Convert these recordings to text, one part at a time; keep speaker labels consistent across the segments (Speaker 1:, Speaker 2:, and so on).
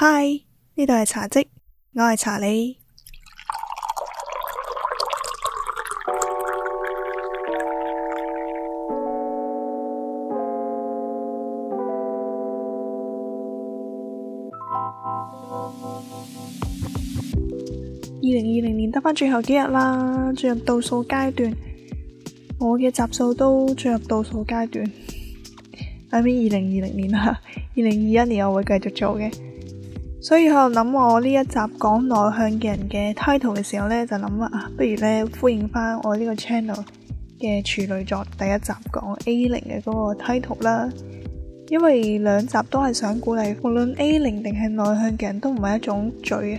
Speaker 1: 嗨，i 呢度係茶迹，我係茶你。二零二零年得返最後幾日啦，進入倒數階段。我嘅集數都進入倒數階段。 I mean，二零二零年啦，二零二一年我會繼續做嘅。所以喺度諗我呢一集講內向嘅人嘅 title 嘅時候呢，就諗啊，不如呢呼應翻我呢個 channel 嘅處女作第一集講 A 零嘅嗰個 title 啦。因為兩集都係想鼓勵，無論 A 零定係內向嘅人都唔係一種罪嘅。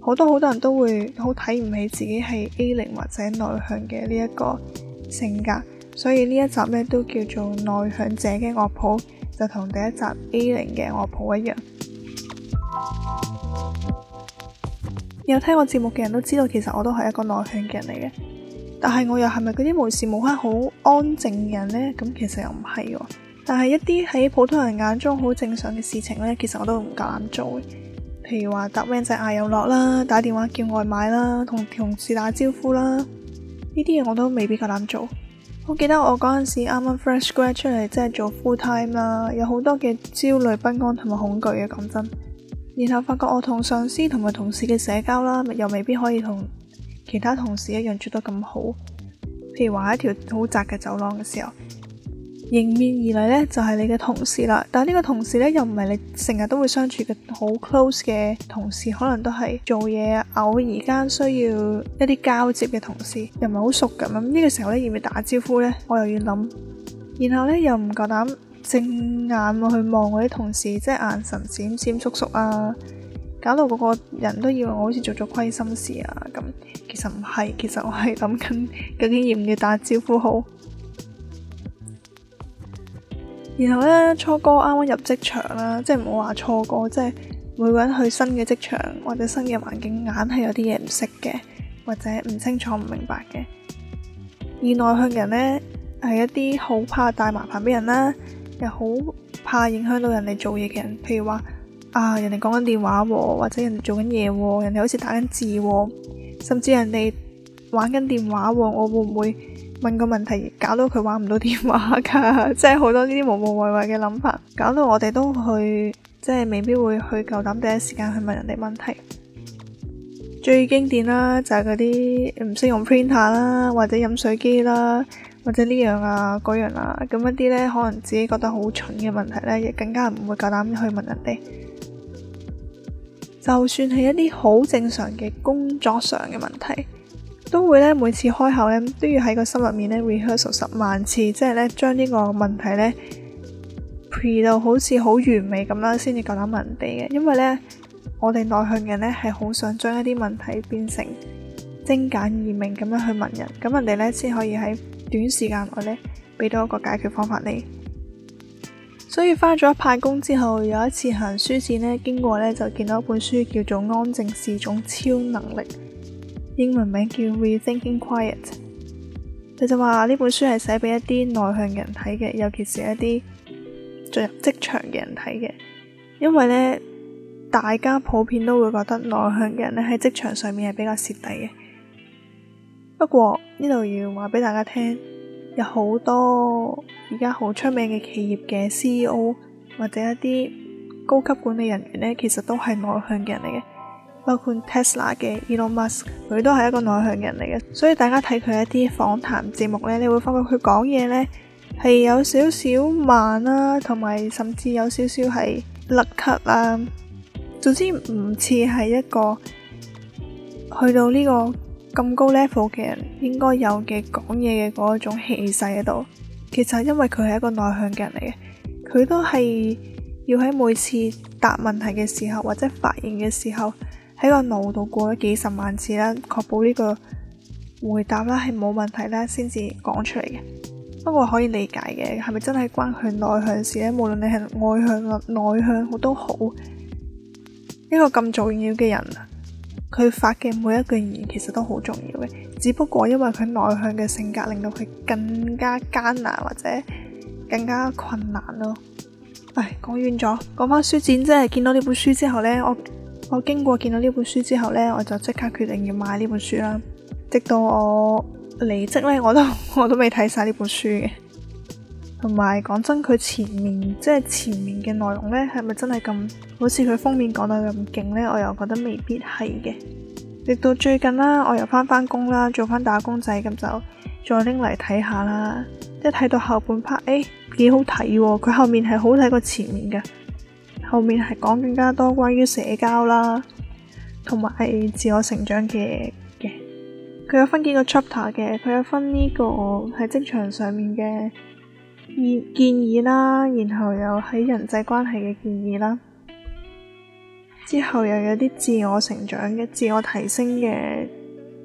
Speaker 1: 好多好多人都會好睇唔起自己係 A 零或者內向嘅呢一個性格，所以呢一集呢都叫做內向者嘅樂譜，就同第一集 A 零嘅樂譜一樣。有聽我節目嘅人都知道，其實我都係一個內向嘅人嚟嘅。但係我又係咪嗰啲無時無刻好安靜嘅人呢？咁其實又唔係喎。但係一啲喺普通人眼中好正常嘅事情呢，其實我都唔夠膽做。譬如話搭 van 仔、嗌有落啦、打電話叫外賣啦、同同事打招呼啦，呢啲嘢我都未必夠膽做。我記得我嗰陣時啱啱 fresh grad 出嚟，即係做 full time 啦，有好多嘅焦慮、不安同埋恐懼嘅，講真。然後發覺我同上司同埋同事嘅社交啦，又未必可以同其他同事一樣做得咁好。譬如話一條好窄嘅走廊嘅時候，迎面而嚟呢，就係你嘅同事啦。但係呢個同事呢，又唔係你成日都會相處嘅好 close 嘅同事，可能都係做嘢偶然間需要一啲交接嘅同事，又唔係好熟咁啦。呢個時候呢，要唔要打招呼呢？我又要諗，然後呢，又唔夠膽。正眼去望嗰啲同事，即係眼神閃閃縮縮啊，搞到個個人都以為我好似做咗虧心事啊咁。其實唔係，其實我係諗緊究竟要唔要打招呼好。 然後呢，初哥啱啱入職場啦，即係唔好話初哥，即係每個人去新嘅職場或者新嘅環境，梗係有啲嘢唔識嘅，或者唔清楚、唔明白嘅。而內向人呢，係一啲好怕帶麻煩俾人啦，又好怕影響到人哋做嘢嘅人，譬如話啊，人哋講緊電話，或者人哋做緊嘢，人哋好似打緊字，甚至人哋玩緊電話，我會唔會問個問題搞到佢玩唔到電話㗎？即係好多呢啲無無謂謂嘅諗法，搞到我哋都去即係未必會去夠膽第一時間去問人哋問題。最經典啦，就係嗰啲唔識用 printer 啦，或者飲水機啦。或者呢樣啊、嗰樣啊，咁一啲咧，可能自己覺得好蠢嘅問題咧，亦更加唔會夠膽去問人哋。就算係一啲好正常嘅工作上嘅問題，都會咧每次開口咧都要喺個心入面咧 rehearsal 十萬次，即係咧將呢個問題咧 pre 到好似好完美咁啦，先至夠膽問人哋嘅。因為咧，我哋內向嘅人咧係好想將一啲問題變成精簡易明咁樣去問人，咁人哋咧先可以喺，短時間內咧，俾到一個解決方法你。所以返咗一派工之後，有一次行書展咧，經過咧就見到一本書叫做《安靜是種超能力》，英文名叫《Rethinking Quiet》。佢就話呢本書係寫俾一啲內向嘅人睇嘅，尤其是一啲進入職場嘅人睇嘅，因為咧大家普遍都會覺得內向人咧喺職場上面係比較蝕底嘅。不過呢度要話俾大家聽，有好多而家好出名嘅企業嘅 CEO 或者一啲高級管理人員呢，其實都係內向嘅人嚟嘅。包括 Tesla 嘅 Elon Musk，佢都係一個內向嘅人嚟嘅。所以大家睇佢一啲訪談節目呢，你會發覺佢講嘢呢係有少少慢啦，啊，同埋甚至有少少係甩咳啦。總之唔似係一個去到呢、呢個。咁高 level 嘅人應該有嘅講嘢嘅嗰一種氣勢喺度，其實因為佢係一個內向嘅人嚟嘅，佢都係要喺每次答問題嘅時候或者發言嘅時候，喺個腦度過咗幾十萬次啦，確保呢個回答啦係冇問題啦，先至講出嚟嘅。不過可以理解嘅，係咪真係關佢內向事呢？無論你係外向或內向，好都好，一個咁重要嘅人。佢發嘅每一句言，其實都好重要嘅。只不過因為佢內向嘅性格，令到佢更加艱難或者更加困難咯。唉，講遠咗，講翻書展，真係見到呢本書之後呢，我我經過見到呢本書之後呢，我就即刻決定要買呢本書啦。直到我離職呢，我都我都未睇晒呢本書嘅。同埋講真，佢前面即係前面嘅內容呢，係咪真係咁好似佢封面講到咁勁呢，我又覺得未必係嘅。直到最近啦，我又翻返工啦，做返打工仔咁就再拎嚟睇下啦。一睇到後半 part，誒幾好睇喎，哦！佢後面係好睇過前面嘅，後面係講更加多關於社交啦，同埋係自我成長嘅嘅。佢有分幾個 chapter 嘅，佢有分呢、呢個喺職場上面嘅。建建議啦，然後又喺人際關係嘅建議啦，之後又有啲自我成長嘅、自我提升嘅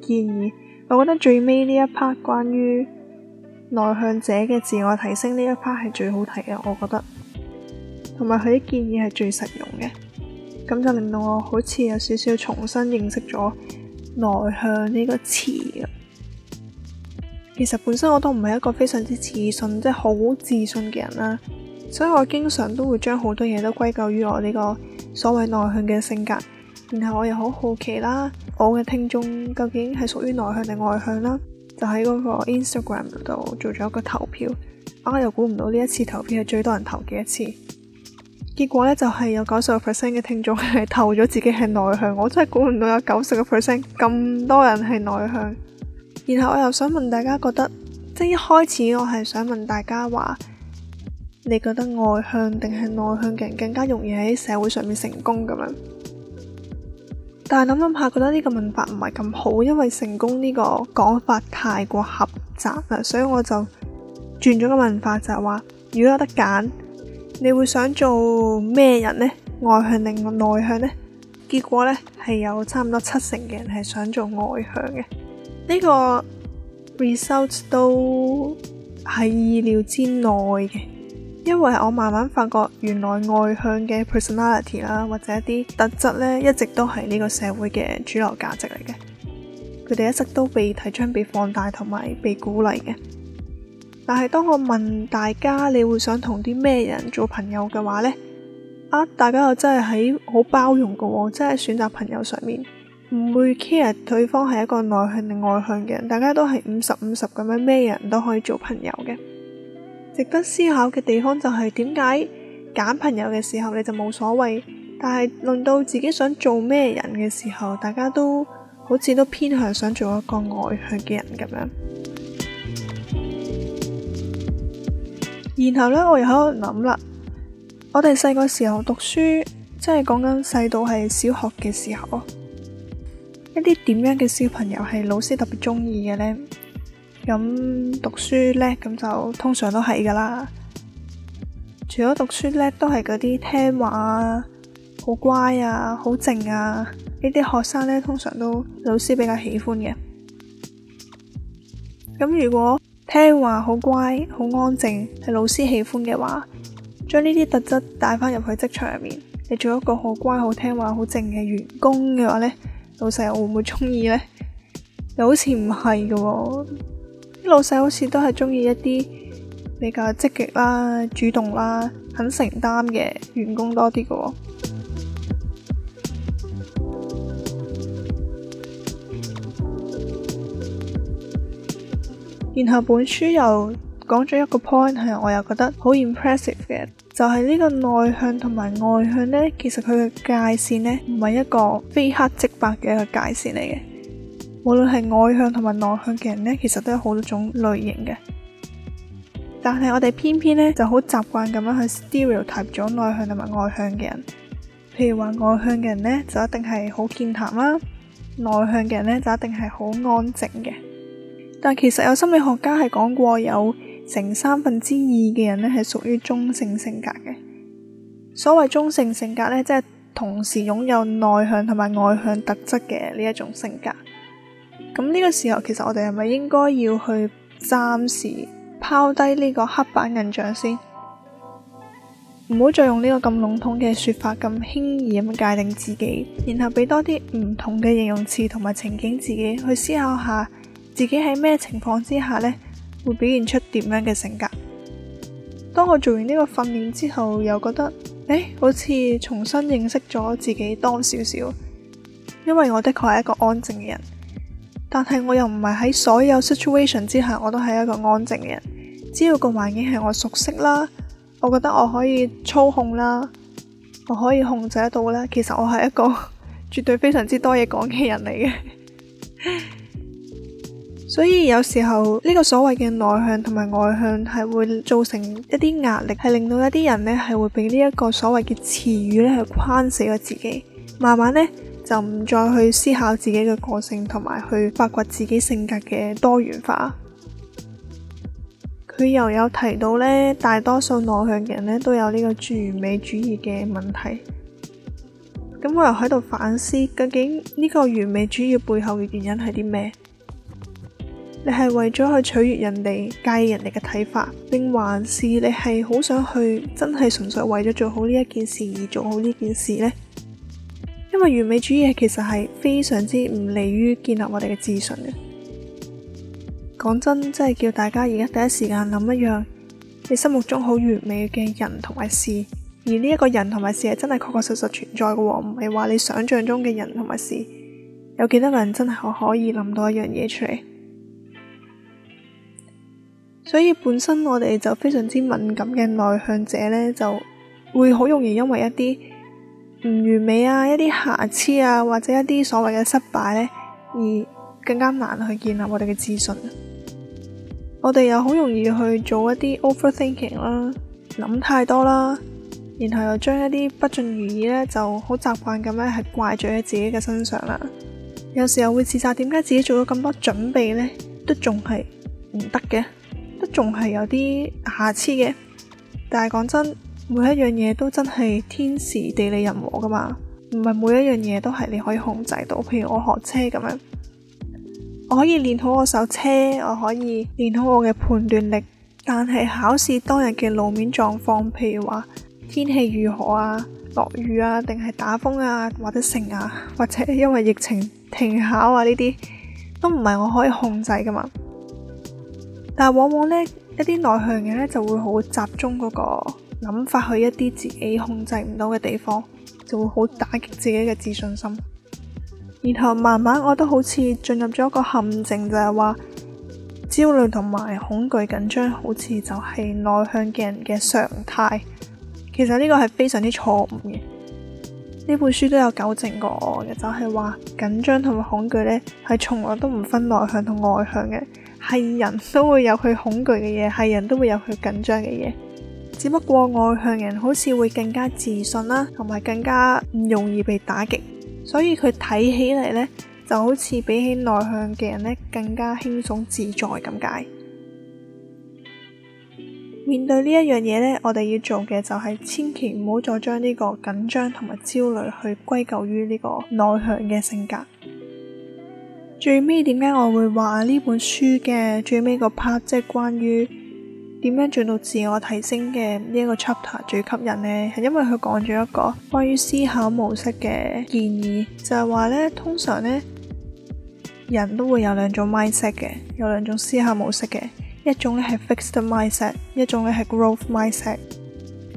Speaker 1: 建議。我覺得最尾呢一 part 關於內向者嘅自我提升呢一 part 係最好睇嘅，我覺得，同埋佢啲建議係最實用嘅，咁就令到我好似有少少重新認識咗內向呢個詞啊。其實本身我都唔係一個非常之自信，即係好自信嘅人啦，所以我經常都會將好多嘢都歸咎於我呢個所謂內向嘅性格。然後我又好好奇啦，我嘅聽眾究竟係屬於內向定外向啦？就喺嗰個 Instagram 度做咗一個投票，啊又估唔到呢一次投票係最多人投嘅一次。結果呢，就係有九十個 percent 嘅聽眾係投咗自己係內向，我真係估唔到有九十個 percent 咁多人係內向。然後我又想問大家，覺得即一開始我係想問大家話，你覺得外向定係內向嘅人更加容易喺社會上面成功咁樣？但係諗諗下，覺得呢個問法唔係咁好，因為成功呢個講法太過狹窄啦，所以我就轉咗個問法，就係話，如果有得揀，你會想做咩人呢？外向定內向呢？結果呢，係有差唔多七成嘅人係想做外向嘅。呢個 result 都係意料之內嘅，因為我慢慢發覺原來外向嘅 personality 啦，或者一啲特質呢，一直都係呢個社會嘅主流價值嚟嘅。佢哋一直都被提倡、被放大同埋被鼓勵嘅。但係當我問大家你會想同啲咩人做朋友嘅話呢，啊，大家又真係喺好包容嘅喎，真係選擇朋友上面。唔會 care 對方係一個內向定外向嘅人，大家都係五十五十咁樣，咩人都可以做朋友嘅。值得思考嘅地方就係點解揀朋友嘅時候你就冇所謂，但係輪到自己想做咩人嘅時候，大家都好似都偏向想做一個外向嘅人咁樣。 然後呢，我又喺度諗啦，我哋細個時候讀書，即係講緊細到係小學嘅時候一啲點樣嘅小朋友係老師特別中意嘅呢？咁讀書叻，咁就通常都係噶啦。除咗讀書叻，都係嗰啲聽話啊、好乖啊、好靜啊呢啲學生呢，通常都老師比較喜歡嘅。咁如果聽話、好乖、好安靜，係老師喜歡嘅話，將呢啲特質帶翻入去職場入面，你做一個好乖、好聽話、好靜嘅員工嘅話呢。老細會唔會中意呢？又好似唔係㗎喎，啲老細好似都係中意一啲比較積極啦、主動啦、肯承擔嘅員工多啲㗎喎。 然後本書又講咗一個 point 係，我又覺得好 impressive 嘅。就係呢個內向同埋外向呢，其實佢嘅界線呢，唔係一個非黑即白嘅一個界線嚟嘅。無論係外向同埋內向嘅人呢，其實都有好多種類型嘅。但係我哋偏偏呢，就好習慣咁樣去 stereotype 咗內向同埋外向嘅人。譬如話外向嘅人呢，就一定係好健談啦，內向嘅人呢，就一定係好安靜嘅。但其實有心理學家係講過有成三分之二嘅人呢，係屬於中性性格嘅。所謂中性性格呢，即係同時擁有內向同埋外向特質嘅呢一種性格。咁呢個時候，其實我哋係咪應該要去暫時拋低呢個黑板印象先？唔好再用呢個咁籠統嘅說法，咁輕易咁界定自己，然後俾多啲唔同嘅形容詞同埋情景，自己去思考下自己喺咩情況之下呢。會表現出點樣嘅性格？當我做完呢個訓練之後，又覺得誒、欸，好似重新認識咗自己多少少。因為我的確係一個安靜嘅人，但係我又唔係喺所有 situation 之下，我都係一個安靜嘅人。只要個環境係我熟悉啦，我覺得我可以操控啦，我可以控制得到啦。其實我係一個 絕對非常之多嘢講嘅人嚟嘅。所以有時候呢個所謂嘅內向同埋外向係會造成一啲壓力，係令到一啲人呢係會被呢一個所謂嘅詞語呢去框死咗自己，慢慢呢，就唔再去思考自己嘅個性同埋去發掘自己性格嘅多元化。佢又有提到呢，大多數內向嘅人呢都有呢個完美主義嘅問題。咁我又喺度反思，究竟呢個完美主義背後嘅原因係啲咩？你係為咗去取悅人哋，介意人哋嘅睇法，定還是你係好想去真係純粹為咗做好呢一件事而做好呢件事呢？因為完美主義其實係非常之唔利於建立我哋嘅自信嘅。講真，真係叫大家而家第一時間諗一樣，你心目中好完美嘅人同埋事，而呢一個人同埋事係真係確確實實存在嘅，唔係話你想象中嘅人同埋事。有幾多個人真係可以諗到一樣嘢出嚟？所以本身我哋就非常之敏感嘅內向者呢，就會好容易因為一啲唔完美啊、一啲瑕疵啊，或者一啲所謂嘅失敗呢，而更加難去建立我哋嘅自信。我哋又好容易去做一啲 overthinking 啦，諗太多啦，然後又將一啲不盡如意呢，就好習慣咁樣係怪罪喺自己嘅身上啦。有時候會自責，點解自己做咗咁多準備呢？都仲係唔得嘅。仲係有啲瑕疵嘅，但係講真，每一樣嘢都真係天時地利人和噶嘛，唔係每一樣嘢都係你可以控制到。譬如我學車咁樣，我可以練好我手車，我可以練好我嘅判斷力，但係考試當日嘅路面狀況，譬如話天氣如何啊、落雨啊、定係打風啊、或者成啊，或者因為疫情停考啊呢啲，都唔係我可以控制噶嘛。但往往呢，一啲內向嘅呢，就會好集中嗰個諗法去一啲自己控制唔到嘅地方，就會好打擊自己嘅自信心。然後慢慢我都好似進入咗一個陷阱就，就係話焦慮同埋恐懼緊張好似就係內向嘅人嘅常態。其實呢個係非常之錯誤嘅。呢本書都有糾正過我嘅，就係、是、話緊張同埋恐懼呢，係從來都唔分內向同外向嘅。係人都會有佢恐懼嘅嘢，係人都會有佢緊張嘅嘢。只不過外向人好似會更加自信啦，同埋更加唔容易被打擊，所以佢睇起嚟，呢，就好似比起內向嘅人呢，更加輕鬆自在咁解。面對呢一樣嘢，呢，我哋要做嘅就係千祈唔好再將呢個緊張同埋焦慮去歸咎於呢個內向嘅性格。最尾點解我會話呢本書嘅最尾個 part，即係關於點樣做到自我提升嘅呢一個 chapter 最吸引呢？係因為佢講咗一個關於思考模式嘅建議，就係話呢，通常呢，人都會有兩種 mindset 嘅，有兩種思考模式嘅，一種呢係 fixed mindset，一種呢係 growth mindset。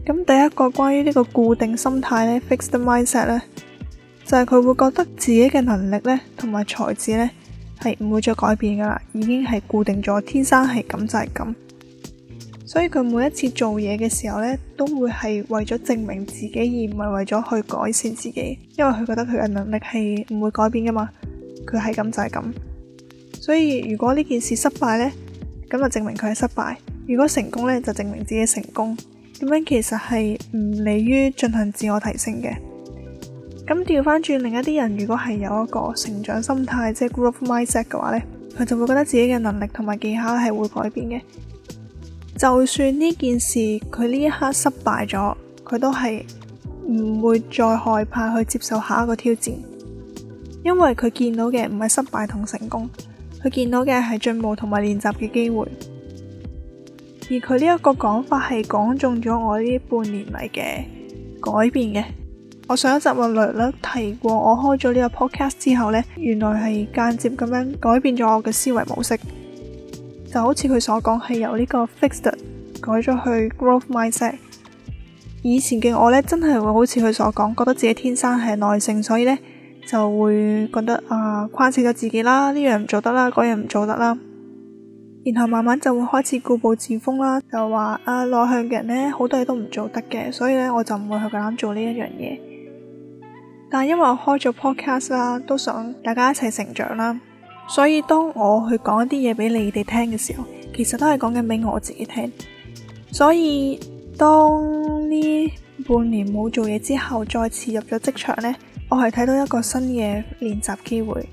Speaker 1: 咁第一個關於呢個固定心態呢 fixed mindset 呢。就係佢會覺得自己嘅能力呢，同埋才智呢，係唔會再改變噶啦，已經係固定咗，天生係咁就係咁。所以佢每一次做嘢嘅時候呢，都會係為咗證明自己，而唔係為咗去改善自己。因為佢覺得佢嘅能力係唔會改變噶嘛，佢係咁就係咁。所以如果呢件事失敗呢，咁就證明佢係失敗；如果成功呢，就證明自己成功。咁樣其實係唔利於進行自我提升嘅。咁調翻轉，另一啲人如果係有一個成長心態，即係 growth mindset 嘅話呢，佢就會覺得自己嘅能力同埋技巧係會改變嘅。就算呢件事佢呢一刻失敗咗，佢都係唔會再害怕去接受下一個挑戰，因為佢見到嘅唔係失敗同成功，佢見到嘅係進步同埋練習嘅機會。而佢呢一個講法係講中咗我呢半年嚟嘅改變嘅。我上一集我略略提過，我開咗呢個 podcast 之後呢，原來係間接咁樣改變咗我嘅思維模式，就好似佢所講，係由呢個 fixed 改咗去 growth mindset。以前嘅我呢，真係會好似佢所講，覺得自己天生係內向，所以呢就會覺得啊，框死咗自己啦，呢樣唔做得啦，嗰樣唔做得啦，這個，然後慢慢就會開始固步自封啦，就話啊、呃、內向嘅人呢，好多嘢都唔做得嘅，所以呢，我就唔會去咁敢做呢一樣嘢。但係因為我開咗 podcast 啦，都想大家一齊成長啦，所以當我去講一啲嘢俾你哋聽嘅時候，其實都係講緊俾我自己聽。所以當呢半年冇做嘢之後，再次入咗職場呢，我係睇到一個新嘅練習機會。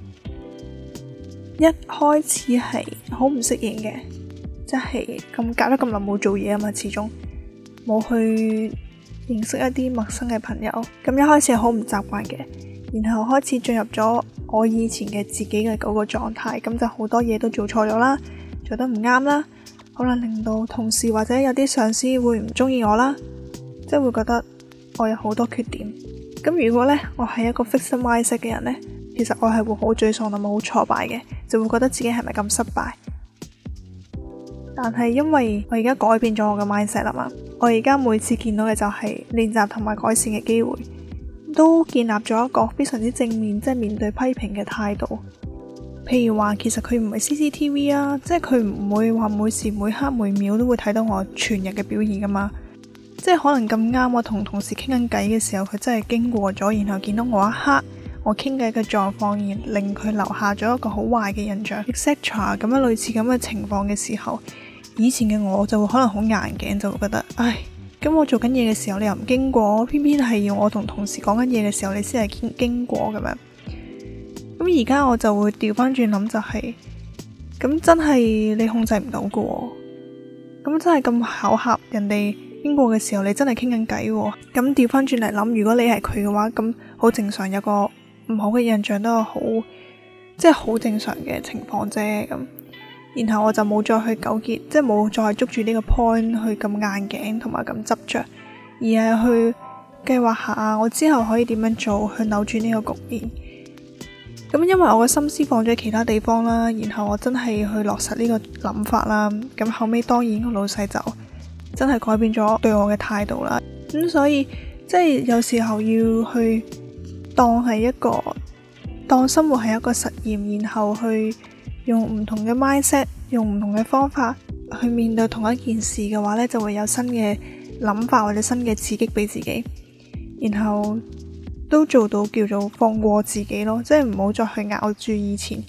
Speaker 1: 一開始係好唔適應嘅，即係咁隔得咁耐冇做嘢啊嘛，始終冇去。認識一啲陌生嘅朋友，咁一開始係好唔習慣嘅，然後開始進入咗我以前嘅自己嘅嗰個狀態，咁就好多嘢都做錯咗啦，做得唔啱啦，可能令到同事或者有啲上司會唔中意我啦，即係會覺得我有好多缺點。咁如果呢，我係一個 fixed mindset 嘅人呢，其實我係會好沮喪，同埋好挫敗嘅，就會覺得自己係咪咁失敗？但係，因為我而家改變咗我嘅 mindset 啦嘛，我而家每次見到嘅就係練習同埋改善嘅機會，都建立咗一個非常之正面，即係面對批評嘅態度。譬如話，其實佢唔係 CCTV 啊，即係佢唔會話每時每刻每秒都會睇到我全日嘅表現噶嘛。即係可能咁啱，我同同事傾緊偈嘅時候，佢真係經過咗，然後見到我一刻我傾偈嘅狀況，而令佢留下咗一個好壞嘅印象，etc. 咁樣類似咁嘅情況嘅時候。以前嘅我就會可能好硬頸，就會覺得，唉，咁我做緊嘢嘅時候你又唔經過，偏偏係要我同同事講緊嘢嘅時候你先係經經過咁樣。咁而家我就會調翻轉諗就係，咁真係你控制唔到噶，咁真係咁巧合，人哋經過嘅時候你真係傾緊偈，咁調翻轉嚟諗，如果你係佢嘅話，咁好正常，有個唔好嘅印象都係好，即係好正常嘅情況啫，咁。然後我就冇再去糾結，即係冇再捉住呢個 point 去咁硬頸同埋咁執着，而係去計劃下我之後可以點樣做去扭轉呢個局面。咁因為我嘅心思放咗喺其他地方啦，然後我真係去落實呢個諗法啦。咁後尾當然老細就真係改變咗對我嘅態度啦。咁所以即係有時候要去當係一個當生活係一個實驗，然後去。用唔同嘅 mindset，用唔同嘅方法去面對同一件事嘅話呢，就會有新嘅諗法或者新嘅刺激俾自己，然後都做到叫做放過自己咯，即係唔好再去咬住以前，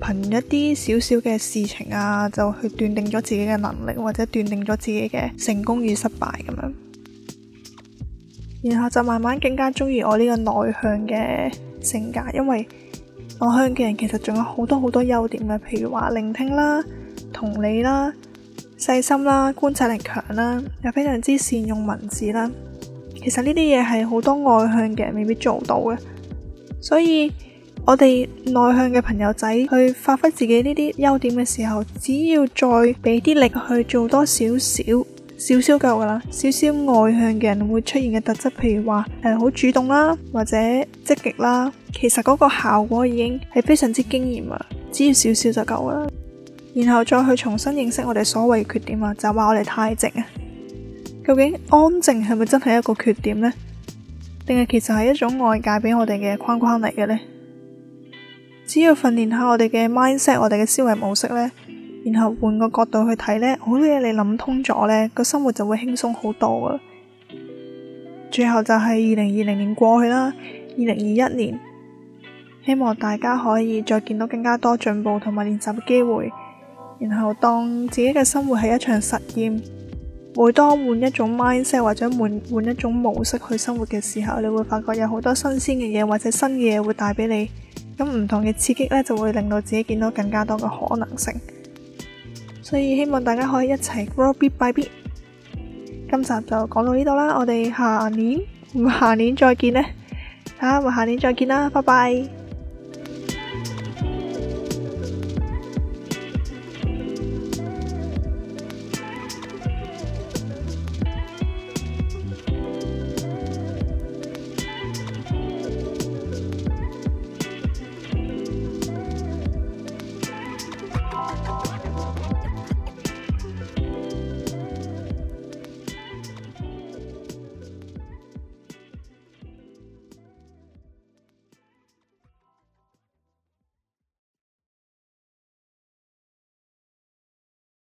Speaker 1: 憑一啲小小嘅事情啊，就去斷定咗自己嘅能力或者斷定咗自己嘅成功與失敗咁樣。然後就慢慢更加鍾意我呢個內向嘅性格，因為。內向嘅人其實仲有好多好多優點嘅，譬如話聆聽啦、同理啦、細心啦、觀察力強啦，又非常之善用文字啦。其實呢啲嘢係好多外向嘅人未必做到嘅，所以我哋內向嘅朋友仔去發揮自己呢啲優點嘅時候，只要再俾啲力去做多少少少少夠噶啦，少少外向嘅人會出現嘅特質，譬如話誒，好主動啦，或者積極啦。其實嗰個效果已經係非常之驚艷啊！只要少少就夠啦。然後再去重新認識我哋所謂缺點啊，就話、是、我哋太靜啊。究竟安靜係咪真係一個缺點呢？定係其實係一種外界俾我哋嘅框框嚟嘅呢？只要訓練下我哋嘅 mindset，我哋嘅思維模式呢，然後換個角度去睇呢，好多嘢你諗通咗呢，個生活就會輕鬆好多噶。最後就係二零二零年過去啦，二零二一年。希望大家可以再見到更加多進步同埋練習嘅機會，然後當自己嘅生活係一場實驗，每當換一種 mindset 或者換換一種模式去生活嘅時候，你會發覺有好多新鮮嘅嘢或者新嘢會帶俾你，咁唔同嘅刺激呢，就會令到自己見到更加多嘅可能性。所以希望大家可以一齊 grow bit by bit。今集就講到呢度啦，我哋下年下年再見咧，吓，我下年再見啦，拜拜。